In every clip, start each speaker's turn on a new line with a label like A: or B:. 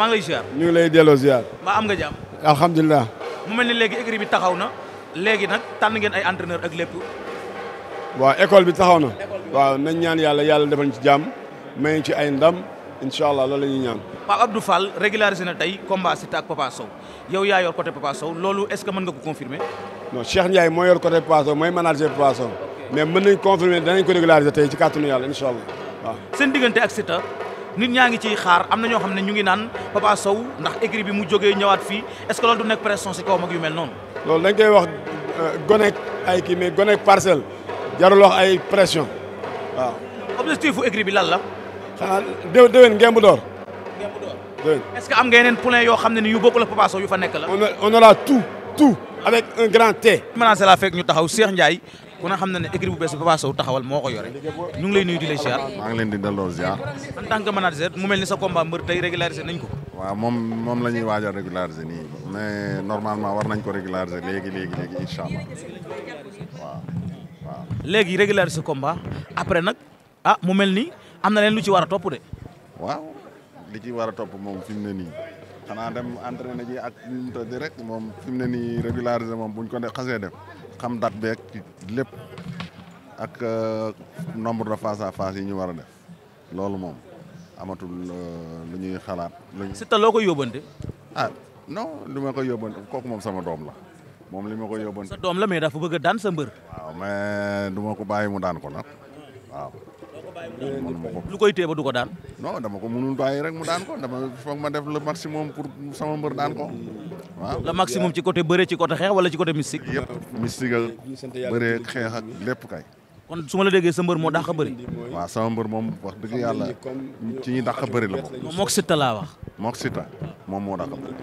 A: maa ngi lay ñu ngi lay delloo ziar. maa am nga jàmm. alhamdulilah.
B: mu mel ni léegi écurie bi taxaw na léegi nag tànn ngeen ay entraîneur ak lépp.
A: waaw école bi taxaw na. waaw nañ ñaan yàlla yàlla defal ñu ci jàmm. may ci ay ndam incha allah loolu la ñuy ñaan.
B: Pape Abdou Fall régularisé na tey combat Siteu ak Papa Sow yow yaa yor côté Papa loolu est ce que mën nga ko confirmer.
A: non Cheikh Ndiaye moo yor côté Papa mooy manager Papa Sow mais mën nañ confirmer danañ ko régulariser tey ci kàttanu yàlla incha
B: nit ñaa ngi ciy xaar am na ñoo xam ne ñu ngi naan Papa Sow ndax écrit bi mu jógee ñëwaat fi est-ce que loolu du nekk pression
A: si kawam ak yu mel noonu. loolu dañ koy wax euh, gonek ay kii mais gonek parcelle jarul wax ay pression waaw. objectif
B: bu écrit bi lan la.
A: xanaa déw déwén ngemb door. ngemb door déwén.
B: est-ce que am nga yeneen yoo xam ne ni yu bokkul ak Papa yu fa nekk la. on aura tout tout avec un grand T. maintenant la fekk ñu taxaw Cheikh Ndiaye ku na xam na ne écurie bu bees bi Papa Sow taxawal moo ko yore ñu ngi lay nuyu di lay ziar.
A: maa ngi leen di delloo ziar.
B: en tant que manager mu mel ni sa combat mbër tey régularisé nañ ko.
A: waaw moom moom la ñuy waajal régulariser nii mais normalement war nañ ko régulariser léegi léegi léegi incha allah waaw waaw. léegi
B: régulariser combat après nag ah mu mel ni am na leen lu ci war a topp de.
A: waaw li ci war a topp moom fi mu ne nii xanaa dem na ji ak ñu mu tëdd rek moom fi mu ne nii régulariser moom buñ ko xasee def. xam date beeg lépp ak euh, nombre de face à face yi ñu war a def loolu moom amatul euh, lu ñuy xalaat. Siteu loo ko yóbbante. ah non li ma ko kooku moom sama doom la moom li ma ko yóbbante. sa
B: doom la mais dafa bëgg a daan sa mbër.
A: ko bàyyi mu daan ko nag waaw. lu koy téye ba ko daan. non dama ko mënul bàyyi rek mu daan ko dama foog ma def le pour sama mbër daan ko. la maximum
B: ci côté bëre ci côté xeex wala ci côté mystique. yëpp
A: mystique ak bëre ak xeex ak lépp kay.
B: kon su ma la déggee sa
A: mbër moo dax a bëri. waaw sama mbër moom wax dëgg yàlla ci ñi dàq a bëri la bokk. moom mook Siteu laa wax. mook Siteu moom moo dàq a bëri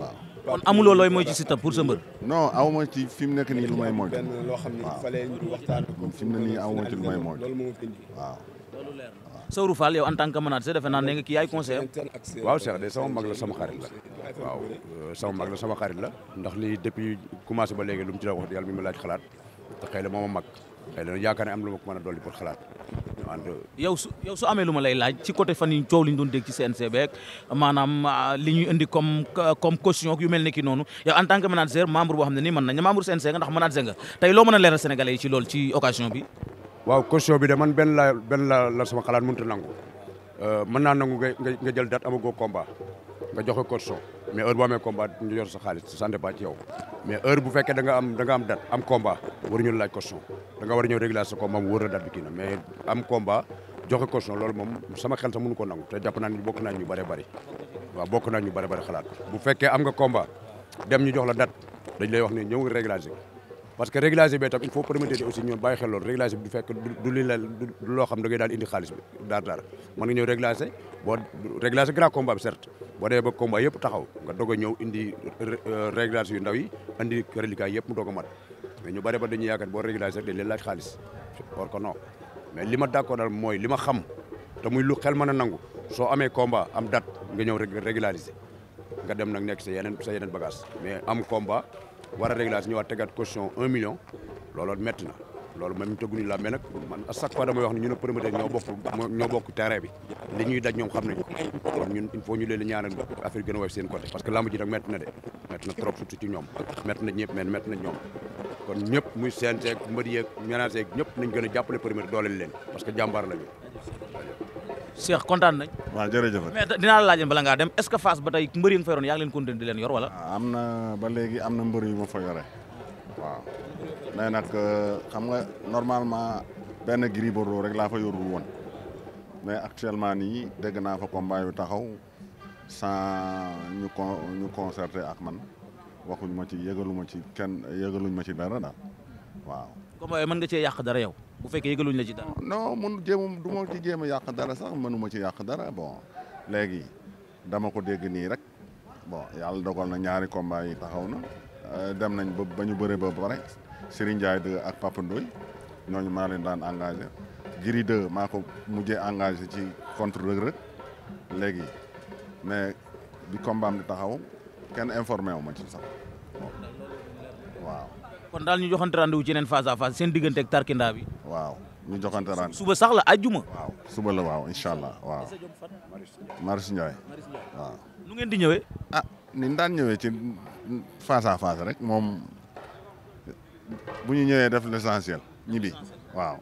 A: waaw. kon amuloo looy mooy ci Siteu pour sa mbër. no aw ma ci fi mu nekk nii lu may moytu. waaw fi mu ne nii aw ma ci lu may moytu waaw.
B: Sowru Fall yow en tant que manager defe naa ne
C: nga kii yaay conseil waaw Cheikh de sama mag la sama xarit la waaw euh, sama mag la sama xarit la ndax lii depuis commencé ba léegi lu mu ci la wax yàlla mi ma laaj xalaat te xëy na moom a mag xëy na yaakaar ne am lu ma ko mën a dolli pour xalaat euh,
B: yow su amee lu ma laaj ci côté fan yi coow li ñu doon dégg ci maanaam euh, li ñuy indi comme comme caution ki noonu yow en tant que manager membre boo xam ne nii mën nañ membre CNC nga ndax nga tey a leeral sénégalais yi ci loolu ci occasion
C: waaw caution bi de man benn la benn la la sama xalaat mënut a nangu euh, mën naa nangu nga nga jël date amagoo combat nga joxe caution mais heure boo amee combat ñu sa xaalis ça dépend ci yow mais heure bu fekkee da nga am da nga am date am combat waruñu laaj caution da nga war a ñëw régler sa combat mu wóor la kii na mais am combat joxe caution loolu moom sama xel sax mënu ko nangu te jàpp naa ni bokk naa ñu bëree bëri waaw bokk naa ñu bëree bëri xalaat bu fekkee am nga komba dem ñu jox la date dañ lay wax ne ñëw réglager parce que réglage bi tam il faut promoteur aussi ñoom bàyyi xel loolu réglage bi du fekk du li la du loo xam da ngay daal indi xaalis bi daar daar mën nga ñëw réglage boo réglage grand combat bi certes boo demee ba combat yëpp taxaw nga doog a ñëw indi euh, réglage yu ndaw yi indi reliquat yëpp mu doog a mat mais ñu bare ba dañuy yaakaar boo réglage rek dañ laaj xaalis or que non mais li ma d'accord daal mooy li ma xam te muy lu xel mën a nangu soo amee combat am date nga ñëw régulariser nga dem nag nekk sa yeneen sa mais am combat war a réglage ñëwaat tegaat caution 1 million looloo métti na loolu même tëgguñu la mais nag man à chaque fois damay wax ne ñu ne promoteur ñoo bokk ñoo bokk bi li ñuy daj ñoom xam nañu kon ñun il ñu leen di ñaanal affaire gën a woyof seen côté parce que lamb ji nag métti de métti trop surtout ci ñoom métti ñëpp mais métti na ñoom ñëpp muy CNG mbër yeeg ménage yeeg a leen parce que jàmbaar lañu Cheikh kontaan nañ waaw jërëjëf
B: mais dinaa la laajee bala dem est-ce que Fass ba tey mbër yi nga fa yoroon yaa ngi leen continué di leen yor wala ah,
A: am na ba léegi am na mbër yu ma fa yore waaw mais euh, xam nga normalement benn Gris Bordeaux rek laa fa yorul woon mais actuellement nii dégg naa fa combat yu taxaw sans ñu con ñu ak man waxuñ ma ci yëgalu ma ci kenn yëgaluñ ma ci dara daal waaw combat man mën nga cee yàq dara yow bu fekkee yëgaluñ la ci dara. non mun jéem du ma ci jéem a yàq dara sax mënuma ci yàq dara bon léegi dama ko dégg nii rek bon yàlla dogal na ñaari combat yi taxaw na euh, dem nañ ba ba ñu bëre ba pare Serigne Ndiaye 2 ak Papa Ndoye ñooñu maa leen daan engagé Giri 2 maa ko mujjee engagé ci contre Reug-Reug léegi mais bi combat am di taxaw kenn informé wu ma ci sax
B: waaw. kon daal ñu joxante rendez-vous ci yeneen face seen diggante ak Tarkinda bi.
A: waaw ñu joxante ren suba sax la àjjuma. waaw suba la waaw incha allah waaw. Marius Ndiaye waaw. nu di ñëwee. ah ni ñu ñëwee ci face à rek moom bu ñu ñëwee def l'essentiel ñibbi waaw.